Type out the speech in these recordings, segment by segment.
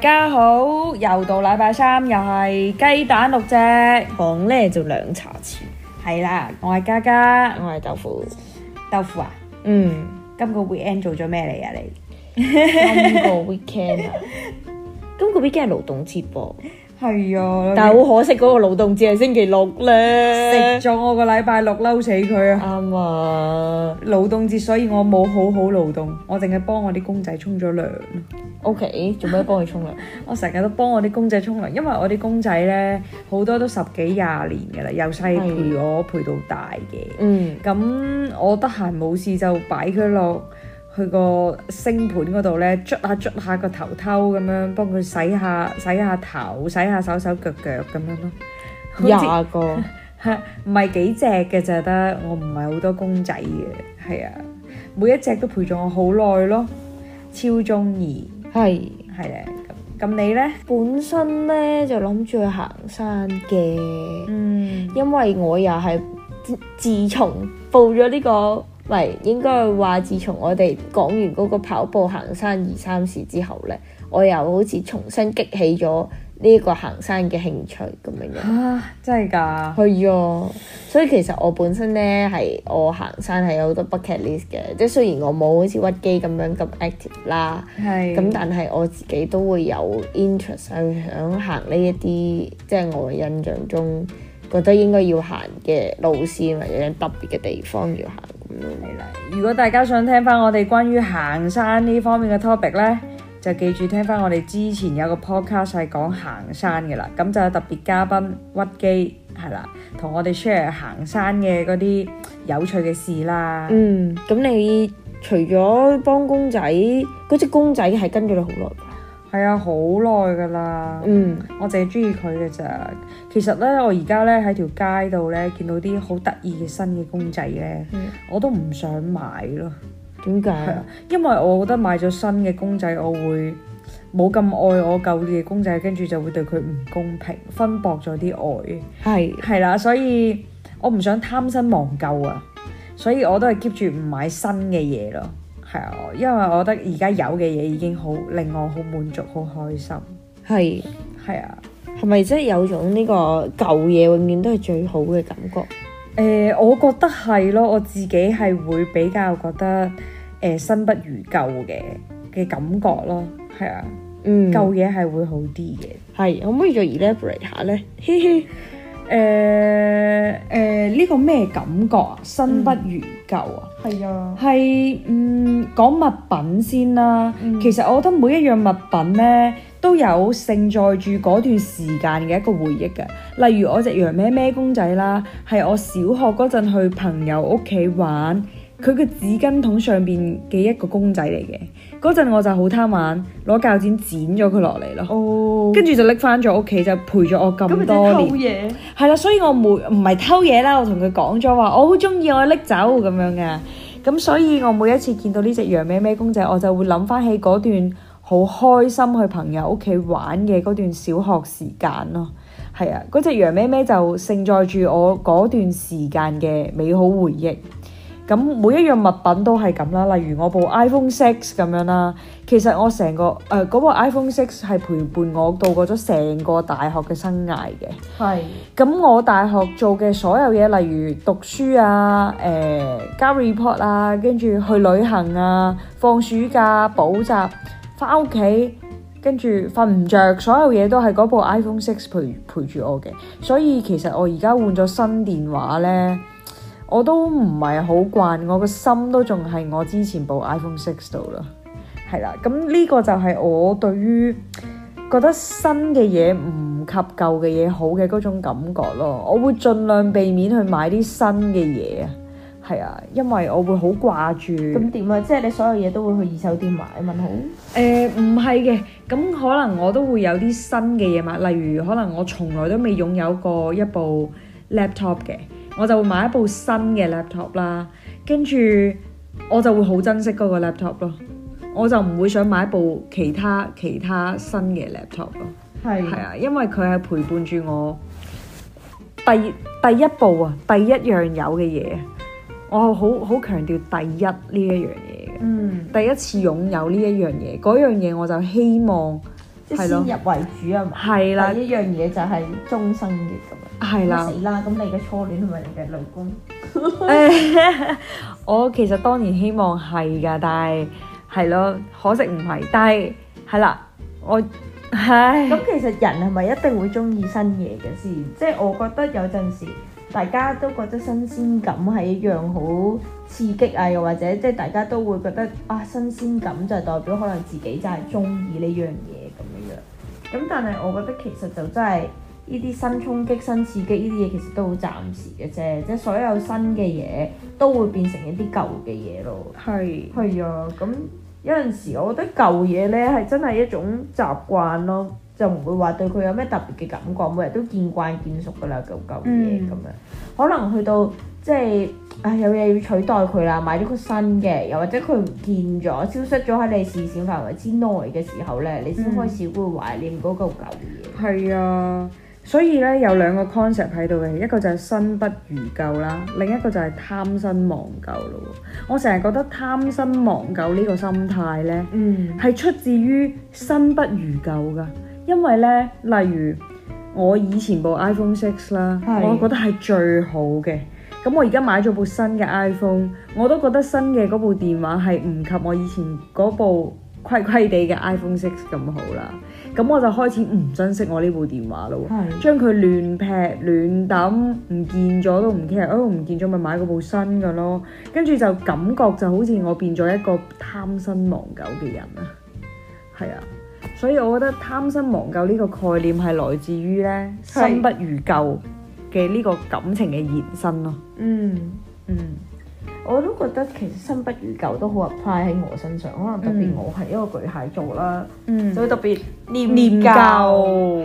大家好，又到禮拜三，又係雞蛋六隻，糖咧就兩茶匙。係啦，我係嘉嘉，我係豆腐。豆腐啊，嗯，今個 weekend 做咗咩嚟啊？你 今個 weekend，啊，今個 weekend 係勞動節噃，啊。係啊，但係好可惜嗰個勞動節係星期六咧，食咗我個禮拜六，嬲死佢啊！啱啊吧，勞動節所以我冇好好勞動，我淨係幫我啲公仔沖咗涼。OK，做咩幫佢沖涼？ 我成日都幫我啲公仔沖涼，因為我啲公仔咧，好多都十幾廿年噶啦，由細陪的我陪到大嘅。嗯，咁我得閒冇事就擺佢落。去個星盤嗰度咧，捽下捽下個頭偷咁樣，幫佢洗下洗下頭，洗下手手腳腳咁樣咯。廿個吓，唔係 幾隻嘅就得，我唔係好多公仔嘅，係啊，每一隻都陪咗我好耐咯，超中意，係係咧。咁咁、啊、你咧，本身咧就諗住去行山嘅，嗯，因為我又係自自從報咗呢個。喂應該話，自從我哋講完嗰個跑步行山二三事之後呢，我又好似重新激起咗呢個行山嘅興趣咁樣樣啊！真係㗎，係啊，所以其實我本身呢，係我行山係有好多 bucket list 嘅，即係雖然我冇好似屈機咁樣咁 active 啦的，係咁，但係我自己都會有 interest 去想行呢一啲即係我印象中覺得應該要行嘅路線或者特別嘅地方要行。如果大家想聽翻我哋關於行山呢方面嘅 topic 呢，就記住聽翻我哋之前有個 podcast 係講行山嘅啦，咁就有特別嘉賓屈基係啦，同我哋 share 行山嘅嗰啲有趣嘅事啦。嗯，咁你除咗幫公仔，嗰隻公仔係跟咗你好耐。係啊，好耐噶啦。嗯，我淨係中意佢嘅咋。其實咧，我而家咧喺條街度咧見到啲好得意嘅新嘅公仔咧，嗯、我都唔想買咯。點解、啊？因為我覺得買咗新嘅公仔，我會冇咁愛我舊嘅公仔，跟住就會對佢唔公平，分薄咗啲愛。係係啦，所以我唔想貪新忘舊啊，所以我都係 keep 住唔買新嘅嘢咯。係啊，因為我覺得而家有嘅嘢已經好令我好滿足，好開心。係是，係啊，係咪即係有種呢個舊嘢永遠都係最好嘅感覺？誒，呃，我覺得係咯，我自己係會比較覺得誒新，呃，不如舊嘅嘅感覺咯。係啊，嗯，舊嘢係會好啲嘅。係，可唔可以再 elaborate 下呢？ 誒誒，呢、呃呃呢個咩感覺身、嗯、啊？新不如舊啊！係、嗯、啊，係嗯講物品先啦。嗯、其實我覺得每一樣物品呢，都有盛載住嗰段時間嘅一個回憶嘅。例如我隻羊咩咩公仔啦，係我小學嗰陣去朋友屋企玩，佢嘅紙巾桶上邊嘅一個公仔嚟嘅。嗰陣我就好貪玩，攞鉸剪剪咗佢落嚟咯，跟住、oh. 就拎翻咗屋企，就陪咗我咁多年。係啦，所以我冇唔係偷嘢啦，我同佢講咗話，我好中意我拎走咁樣嘅。咁所以我每一次見到呢隻羊咩咩公仔，我就會諗翻起嗰段好開心去朋友屋企玩嘅嗰段小學時間咯。係啊，嗰隻羊咩咩就盛載住我嗰段時間嘅美好回憶。咁每一樣物品都係咁啦，例如我部 iPhone Six 咁樣啦，其實我成個誒嗰部 iPhone Six 係陪伴我度過咗成個大學嘅生涯嘅。係。咁我大學做嘅所有嘢，例如讀書啊、誒交 report 啊、跟住去旅行啊、放暑假補習、翻屋企跟住瞓唔著，所有嘢都係嗰部 iPhone Six 陪陪住我嘅。所以其實我而家換咗新電話咧。我都唔係好慣，我個心都仲係我之前部 iPhone Six 度咯，係啦。咁呢個就係我對於覺得新嘅嘢唔及舊嘅嘢好嘅嗰種感覺咯。我會盡量避免去買啲新嘅嘢啊，係啊，因為我會好掛住。咁點啊？即係你所有嘢都會去二手店買問好？誒唔係嘅，咁可能我都會有啲新嘅嘢買，例如可能我從來都未擁有過一部 laptop 嘅。我就會買一部新嘅 laptop 啦，跟住我就會好珍惜嗰個 laptop 咯。我就唔會想買一部其他其他新嘅 laptop 咯，係啊的，因為佢係陪伴住我第第一部啊，第一樣有嘅嘢，我好好強調第一呢一樣嘢嘅。嗯，第一次擁有呢一樣嘢，嗰、嗯、樣嘢我就希望。即係先入為主啊嘛，係啦，一樣嘢就係終生嘅咁樣，咁死啦！咁你嘅初戀同埋你嘅老公？我其實當年希望係㗎，但係係咯，可惜唔係。但係係啦，我係。咁其實人係咪一定會中意新嘢嘅先？即係我覺得有陣時大家都覺得新鮮感係一樣好刺激啊，又或者即係大家都會覺得啊新鮮感就係代表可能自己真係中意呢樣嘢。咁但係，我覺得其實就真係呢啲新衝擊、新刺激呢啲嘢，其實都好暫時嘅啫。即係所有新嘅嘢都會變成一啲舊嘅嘢咯。係係是啊，咁有陣時，我覺得舊嘢呢係真係一種習慣咯，就唔會話對佢有咩特別嘅感覺。每日都見慣見熟噶啦，舊舊嘢咁樣，嗯、可能去到即係。就是啊、哎！有嘢要取代佢啦，買咗個新嘅，又或者佢唔見咗，消失咗喺你視線範圍之內嘅時候呢，你先開始會懷念嗰個舊嘢。係啊，所以呢，有兩個 concept 喺度嘅，一個就係新不如舊啦，另一個就係貪新忘舊咯。我成日覺得貪新忘舊呢個心態呢，係、嗯、出自於新不如舊噶。因為呢，例如我以前部 iPhone Six 啦，6, 是我覺得係最好嘅。咁我而家買咗部新嘅 iPhone，我都覺得新嘅嗰部電話係唔及我以前嗰部虧虧地嘅 iPhone Six 咁好啦。咁我就開始唔珍惜我呢部電話咯，係，將佢亂劈亂抌，唔見咗都唔 care，哦唔見咗咪買嗰部新嘅咯。跟住就感覺就好似我變咗一個貪新忘舊嘅人啊。係啊，所以我覺得貪新忘舊呢個概念係來自於咧，新不如舊嘅呢個感情嘅延伸咯，嗯嗯，我都覺得其實新不如舊都好 apply 喺我身上，可能特別我係一個巨蟹座啦，嗯，就會特別念念舊教，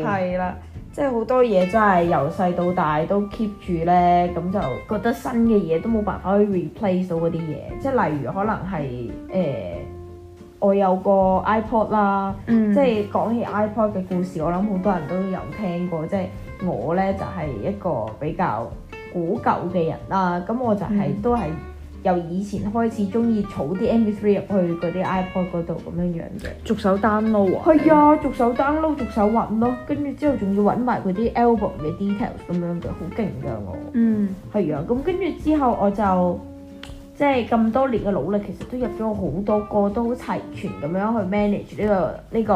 係啦，即係好多嘢真係由細到大都 keep 住咧，咁就覺得新嘅嘢都冇辦法去 replace 到嗰啲嘢，即係例如可能係誒、呃、我有個 iPod 啦，嗯、即係講起 iPod 嘅故事，我諗好多人都有聽過，即係。我呢就係、是、一個比較古舊嘅人啦，咁、嗯、我就係、是、都係由以前開始鍾意儲啲 M P three 入去嗰啲 iPod 嗰度咁樣樣嘅。逐手 download 啊？係啊，啊逐手 download，逐手揾咯，跟住之後仲要揾埋嗰啲 album 嘅 details 咁樣嘅，好勁㗎我。嗯，係啊，咁跟住之後我就。即係咁多年嘅努力，其實都入咗好多歌，都好齊全咁樣去 manage 呢、呢個呢、呢個誒、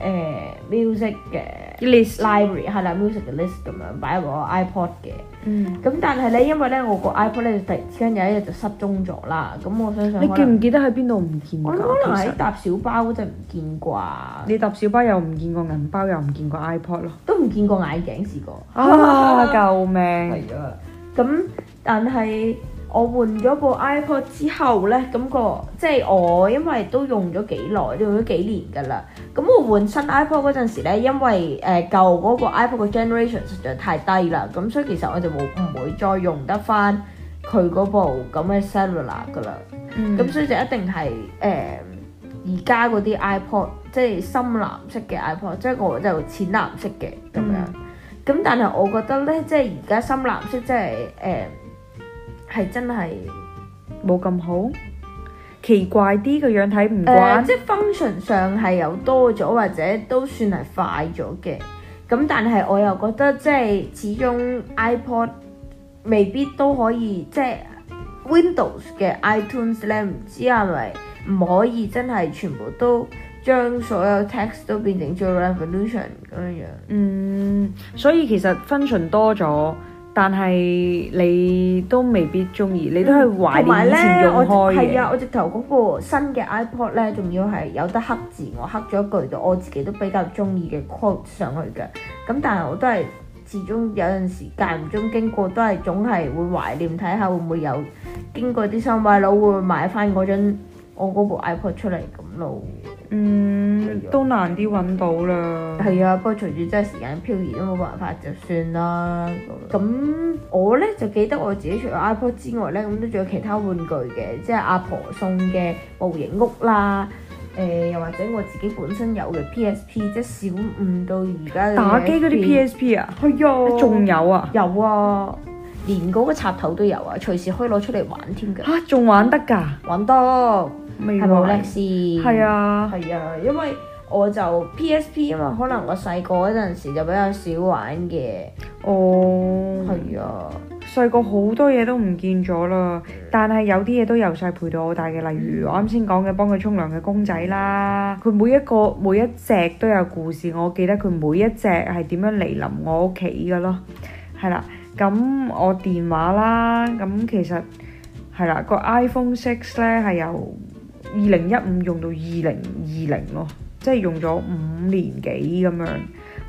呃、music 嘅 list library 係啦，music 嘅 list 咁樣擺入一個 iPod 嘅。嗯。咁但係咧，因為咧我個 iPod 咧就突然之間有一日就失蹤咗啦。咁我相信，你記唔記得喺邊度唔見過？我可能喺搭小巴嗰陣唔見啩。實你搭小巴又唔見過銀包，又唔見過 iPod 咯。都唔見過眼鏡，試過。啊！吧救命。係啊。咁但係。但我換咗部 iPod 之後呢，感覺即係我因為都用咗幾耐，都用咗幾年噶啦。咁我換新 iPod 嗰陣時呢，因為誒舊嗰個 iPod 嘅 generation 實在太低啦，咁所以其實我就冇唔會再用得翻佢嗰部咁嘅 cellular 噶啦。咁、嗯、所以就一定係誒而家嗰啲 iPod，即係深藍色嘅 iPod，即係我就淺藍色嘅咁樣。咁、嗯、但係我覺得呢，即係而家深藍色即係誒。呃係真係冇咁好，奇怪啲個樣睇唔慣。Uh, 即係 function 上係有多咗，或者都算係快咗嘅。咁但係我又覺得即係始終 iPod 未必都可以，即係 Windows 嘅 iTunes 咧，唔知係咪唔可以真係全部都將所有 text 都變成全 revolution 咁樣樣。嗯，所以其實 function 多咗。但係你都未必中意，嗯、你都係懷念以前用開嘅。係啊，我直頭嗰部新嘅 iPod 咧，仲要係有得刻字，我刻咗一句到我自己都比較中意嘅 quote 上去嘅。咁但係我都係始終有陣時間唔中經過，都係總係會懷念睇下會唔會有經過啲新買佬會買翻嗰張我嗰部 iPod 出嚟咁咯。嗯，對都難啲揾到啦。係啊，不過隨住真係時間漂移都冇辦法，就算啦。咁我咧就記得我自己除咗 iPod 之外咧，咁都仲有其他玩具嘅，即係阿婆送嘅模型屋啦。誒、呃，又或者我自己本身有嘅 PSP，即係小五到而家打機嗰啲 PSP 啊。係啊，仲有啊，有啊，有啊，連嗰個插頭都有啊，隨時可以攞出嚟玩添㗎。嚇、啊，仲玩得㗎？玩得。係咪好叻先？係啊，係啊，因為我就 PSP 啊嘛，可能我細個嗰陣時就比較少玩嘅。哦，係啊，細個好多嘢都唔見咗啦，但係有啲嘢都由細陪到我大嘅，例如我啱先講嘅幫佢沖涼嘅公仔啦，佢每一個每一隻都有故事，我記得佢每一隻係點樣嚟臨我屋企噶咯。係啦，咁、啊、我電話啦，咁其實係啦、啊那個 iPhone Six 咧係由。二零一五用到二零二零咯，即係用咗五年幾咁樣，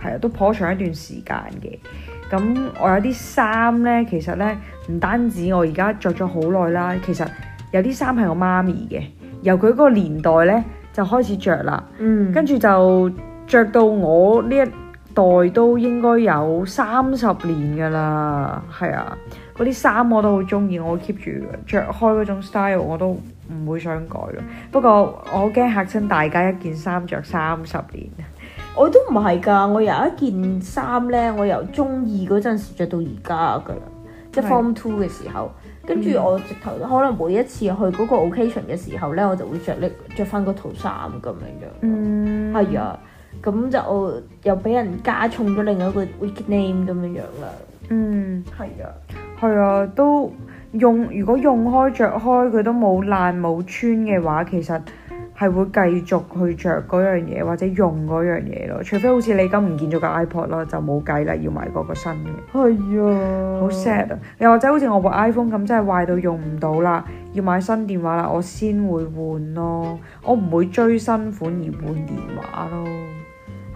係啊，都頗長一段時間嘅。咁我有啲衫呢，其實呢，唔單止我而家着咗好耐啦，其實有啲衫係我媽咪嘅，由佢嗰個年代呢，就開始着啦，嗯，跟住就着到我呢一代都應該有三十年噶啦，係啊，嗰啲衫我都好中意，我 keep 住着開嗰種 style 我都。唔會想改咯，不過我驚嚇親大家一件衫着三十年，我都唔係噶。我有一件衫咧，我由中二嗰陣時著到而家噶啦，嗯、即 form two 嘅時候，跟住我直頭、嗯、可能每一次去嗰個 occasion 嘅時候咧，我就會着呢，着翻嗰套衫咁樣樣，嗯，係啊，咁就又俾人加重咗另一個 week name 咁樣樣啦，嗯，係啊，係啊，都。用如果用開着開佢都冇爛冇穿嘅話，其實係會繼續去着嗰樣嘢或者用嗰樣嘢咯。除非好似你今唔見咗個 iPod 啦，就冇計啦，要買嗰個新嘅。係啊呀，好 sad 啊！又或者好似我部 iPhone 咁，真係壞到用唔到啦，要買新電話啦，我先會換咯。我唔會追新款而換電話咯。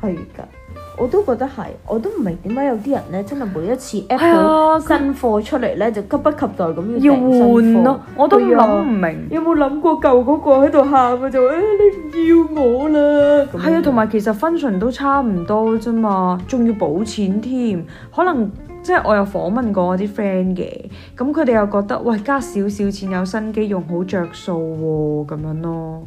係㗎。我都覺得係，我都唔明點解有啲人咧，真係每一次 app、哎、新貨出嚟咧，就急不及待咁要訂新貨要換、啊、我都諗唔明，呀有冇諗過舊嗰個喺度喊啊？就誒、哎，你唔要我啦！係啊，同埋其實 function 都差唔多啫嘛，仲要補錢添。可能即係我有訪問過我啲 friend 嘅，咁佢哋又覺得喂，加少少錢有新機用好着數喎，咁樣咯。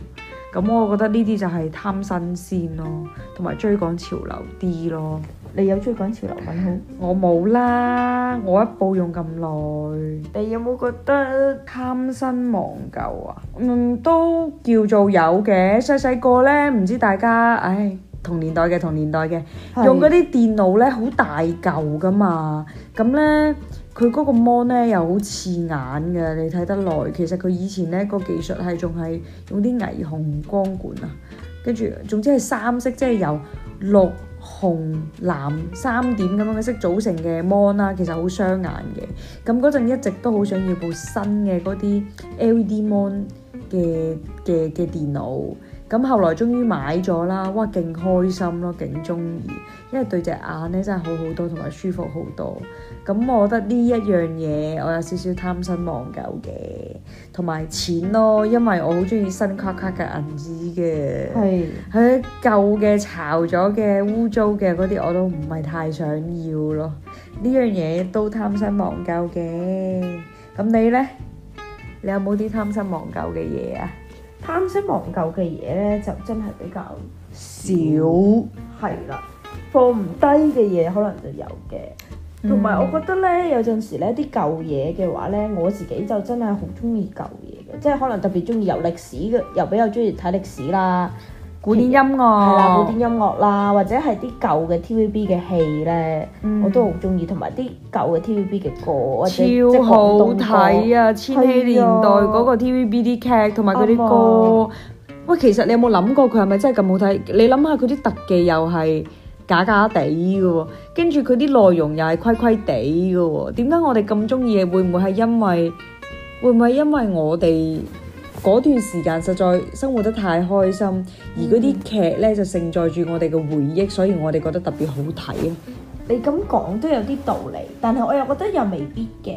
咁我覺得呢啲就係貪新鮮咯，同埋追趕潮流啲咯。你有追趕潮流品好？我冇啦，我一部用咁耐。你有冇覺得貪新忘舊啊？嗯，都叫做有嘅。細細個呢，唔知大家唉，同年代嘅同年代嘅，的用嗰啲電腦呢，好大嚿㗎嘛，咁呢。佢嗰個 mon 咧又好刺眼嘅，你睇得耐。其實佢以前咧個技術係仲係用啲霓虹光管啊，跟住總之係三色，即係由綠、紅、藍三點咁樣嘅色組成嘅 mon 啦，其實好傷眼嘅。咁嗰陣一直都好想要部新嘅嗰啲 LED mon 嘅嘅嘅電腦。咁後來終於買咗啦，哇，勁開心咯，勁中意，因為對隻眼咧真係好好多，同埋舒服好多。咁我覺得呢一樣嘢，我有少少貪新忘舊嘅，同埋錢咯，因為我好中意新卡卡嘅銀紙嘅，係佢是舊嘅、潮咗嘅、污糟嘅嗰啲我都唔係太想要咯。呢樣嘢都貪新忘舊嘅。咁你呢？你有冇啲貪新忘舊嘅嘢啊？貪新忘舊嘅嘢咧，就真係比較少，係啦少。放唔低嘅嘢可能就有嘅。同埋、嗯、我覺得咧，有陣時咧，啲舊嘢嘅話咧，我自己就真係好中意舊嘢嘅，即係可能特別中意遊歷史嘅，又比較中意睇歷史啦。古典音樂係啦，古典音樂啦，或者係啲舊嘅 TVB 嘅戲咧，我都好中意，同埋啲舊嘅 TVB 嘅歌超好睇啊！千禧年代嗰個 TVB 啲劇同埋嗰啲歌，喂，其實你有冇諗過佢係咪真係咁好睇？你諗下佢啲特技又係假假地嘅喎，跟住佢啲內容又係虧虧地嘅喎，點解我哋咁中意？會唔會係因為會唔會係因為我哋嗰段時間實在生活得太開心？而嗰啲劇咧就盛載住我哋嘅回憶，所以我哋覺得特別好睇啊！你咁講都有啲道理，但係我又覺得又未必嘅。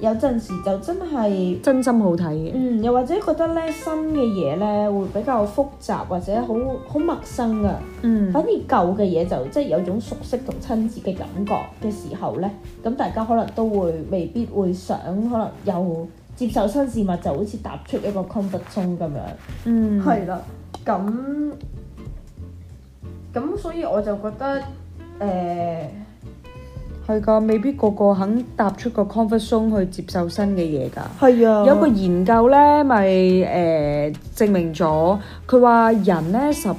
有陣時就真係真心好睇嘅。嗯，又或者覺得咧新嘅嘢咧會比較複雜或者好好陌生啊。嗯，反而舊嘅嘢就即係、就是、有種熟悉同親切嘅感覺嘅時候咧，咁大家可能都會未必會想可能又接受新事物，就好似踏出一個 comfort zone 咁樣。嗯，係啦。咁咁，嗯、所以我就覺得誒係噶，未必個個肯踏出個 comfort zone 去接受新嘅嘢㗎。係啊的，有個研究咧，咪、呃、誒證明咗，佢話人咧十二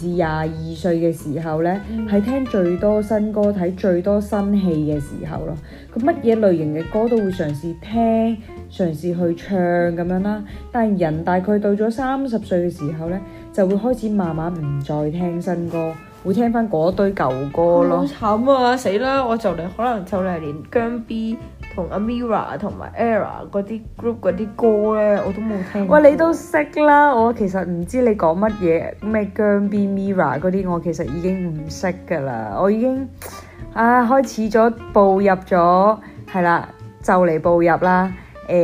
至廿二歲嘅時候咧，係、嗯、聽最多新歌、睇最多新戲嘅時候咯。佢乜嘢類型嘅歌都會嘗試聽、嘗試去唱咁樣啦。但係人大概到咗三十歲嘅時候咧，就會開始慢慢唔再聽新歌，會聽翻嗰堆舊歌咯。好慘啊！死啦！我就嚟可能就嚟連姜 B 同阿 Mira 同埋 Era 嗰啲 group 嗰啲歌咧，我都冇聽過。喂，你都識啦？我其實唔知你講乜嘢，咩姜 B、Mira 嗰啲，我其實已經唔識㗎喇。我已經啊開始咗步入咗係啦，就嚟步入啦。誒、呃，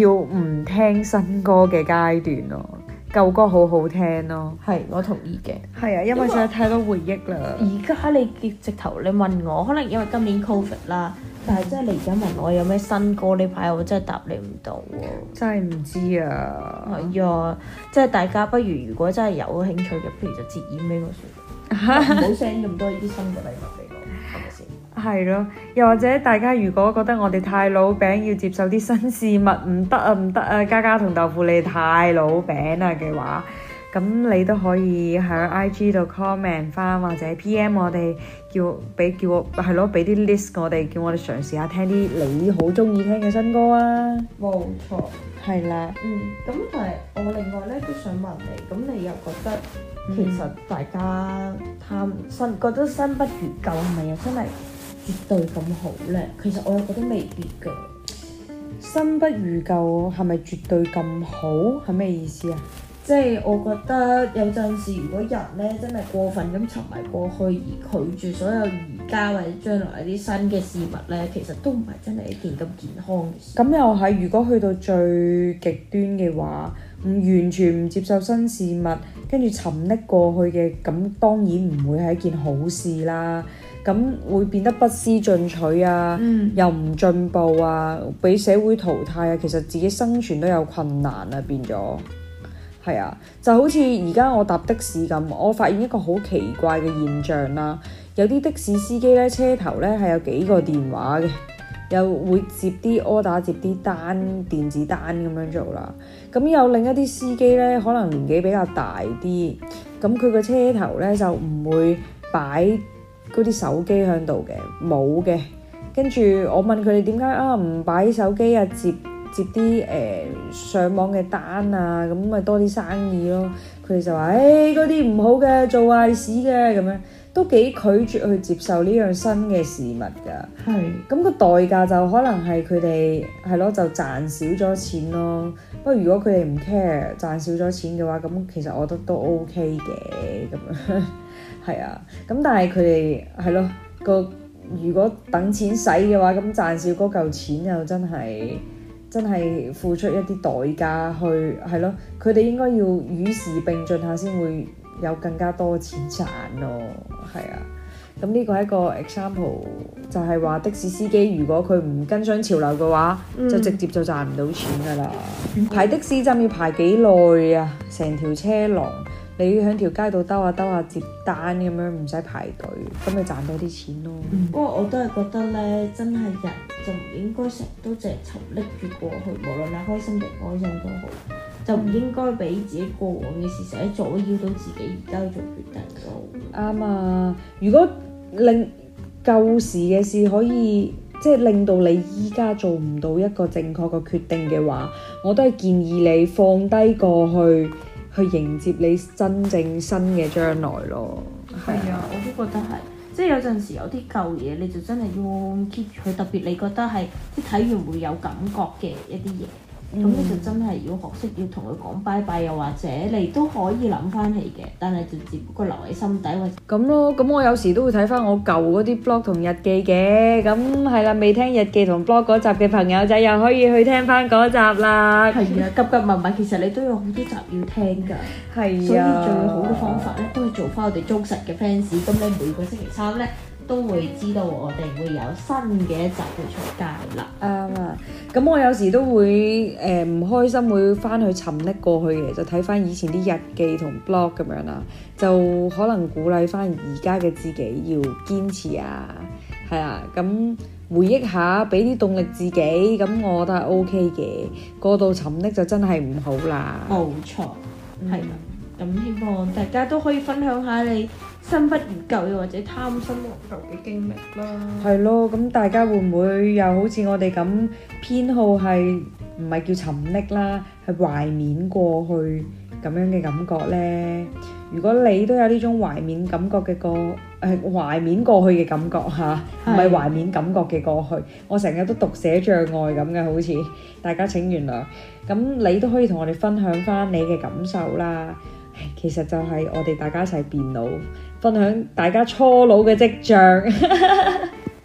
要唔聽新歌嘅階段咯～舊歌好好聽咯，係我同意嘅。係啊，因為實在太多回憶啦。而家你嘅直頭你問我，可能因為今年 Covid 啦，但係真係你而家問我有咩新歌呢排，我真係答你唔到喎。真係唔知啊。係啊，哎、即係大家不如如果真係有興趣嘅，不如就接演呢個旋律，唔好 send 咁多呢啲新嘅禮物。係咯，又或者大家如果覺得我哋太老餅，要接受啲新事物唔得啊唔得啊，嘉嘉同豆腐你太老餅啊嘅話，咁你都可以喺 I G 度 comment 翻，或者 P M 我哋叫俾叫我係咯，俾啲 list 我哋叫我哋嘗試下聽啲你好中意聽嘅新歌啊。冇錯，係啦。嗯，咁但係我另外呢都想問你，咁你又覺得其實大家貪新覺得新不如舊係咪啊？是是又真係。絕對咁好咧，其實我又覺得未必㗎。新不如舊，係咪絕對咁好？係咩意思啊？即係我覺得有陣時，如果人咧真係過分咁沉迷過去而拒絕所有而家或者將來啲新嘅事物咧，其實都唔係真係一件咁健康嘅事。咁又係，如果去到最極端嘅話，唔完全唔接受新事物，跟住沉溺過去嘅，咁當然唔會係一件好事啦。咁會變得不思進取啊，嗯、又唔進步啊，俾社會淘汰啊。其實自己生存都有困難啊，變咗係啊，就好似而家我搭的士咁，我發現一個好奇怪嘅現象啦、啊。有啲的士司機呢，車頭呢係有幾個電話嘅，又會接啲 order 接啲單電子單咁樣做啦、啊。咁有另一啲司機呢，可能年紀比較大啲，咁佢個車頭呢就唔會擺。.嗰啲手機喺度嘅冇嘅，跟住我問佢哋點解啊，唔擺手機啊，接接啲誒、呃、上網嘅單啊，咁咪多啲生意咯。佢哋就話誒，嗰啲唔好嘅，做壞事嘅咁樣，都幾拒絕去接受呢樣新嘅事物㗎。係咁是、嗯，那個代價就可能係佢哋係咯，就賺少咗錢咯。不過如果佢哋唔 care 賺少咗錢嘅話，咁其實我覺得都 OK 嘅咁樣。 係啊，咁但係佢哋係咯，個如果等錢使嘅話，咁賺少嗰嚿錢又真係真係付出一啲代價去，係咯、啊，佢哋應該要與時並進下，先會有更加多錢賺咯。係啊，咁呢個係一個 example，就係、是、話的士司機如果佢唔跟上潮流嘅話，嗯、就直接就賺唔到錢噶啦。嗯、排的士站要排幾耐啊？成條車龍。你喺條街度兜下兜下接單咁樣，唔使排隊，咁咪賺多啲錢咯。不過、嗯、我都係覺得咧，真係人就唔應該成日都淨係沉溺住過去，無論你開心定唔開心都好，就唔應該俾自己過往嘅事成日阻擾到自己而家做決定。啱啊、嗯！如果令舊時嘅事可以即係、就是、令到你依家做唔到一個正確嘅決定嘅話，我都係建議你放低過去。去迎接你真正新嘅將來咯。係啊，我都覺得係，即係有陣時有啲舊嘢，你就真係要 keep 佢。特別，你覺得係啲睇完會有感覺嘅一啲嘢。咁、嗯、你就真係要學識要同佢講拜拜，又或者你都可以諗翻起嘅，但係就只不過留喺心底或者。咁咯，咁我有時都會睇翻我舊嗰啲 blog 同日記嘅，咁係啦，未聽日記同 blog 嗰集嘅朋友仔又可以去聽翻嗰集啦。係啊，急急密密，其實你都有好多集要聽㗎，係啊，所以最好嘅方法咧都係做翻我哋忠實嘅 fans。咁你每個星期三咧，都會知道我哋會有新嘅一集出街啦。啱啊！咁我有時都會誒唔、呃、開心，會翻去沉溺過去嘅，就睇翻以前啲日記同 blog 咁樣啦，就可能鼓勵翻而家嘅自己要堅持啊，係啊，咁回憶下，俾啲動力自己，咁我覺得係 OK 嘅。過度沉溺就真係唔好啦。冇錯，係、嗯、㗎。咁、啊、希望大家都可以分享下你。新不如舊又或者貪新忘舊嘅經歷啦，係咯，咁大家會唔會又好似我哋咁偏好，係唔係叫沉溺啦，係懷緬過去咁樣嘅感覺呢？如果你都有呢種懷緬感覺嘅過，誒、呃、懷緬過去嘅感覺嚇，唔、啊、係懷緬感覺嘅過去，的我成日都讀寫障礙咁嘅好似，大家請原諒。咁你都可以同我哋分享翻你嘅感受啦。其實就係我哋大家一齊變老。分享大家初老嘅跡象，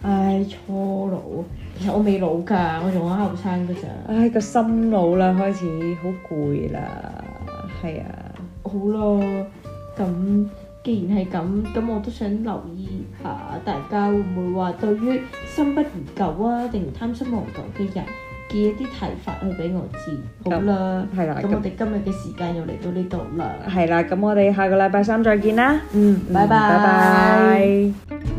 唉、 哎，初老，其實我未老㗎，我仲喺後生㗎咋，唉、哎，個心老啦，開始好攰啦，係啊，好咯，咁既然係咁，咁我都想留意下大家會唔會話對於新不如舊啊，定貪新忘舊嘅人？嘅一啲提法去俾我知，好啦，係啦，咁我哋今日嘅時間又嚟到呢度啦，係啦，咁我哋下個禮拜三再見啦，嗯，拜拜。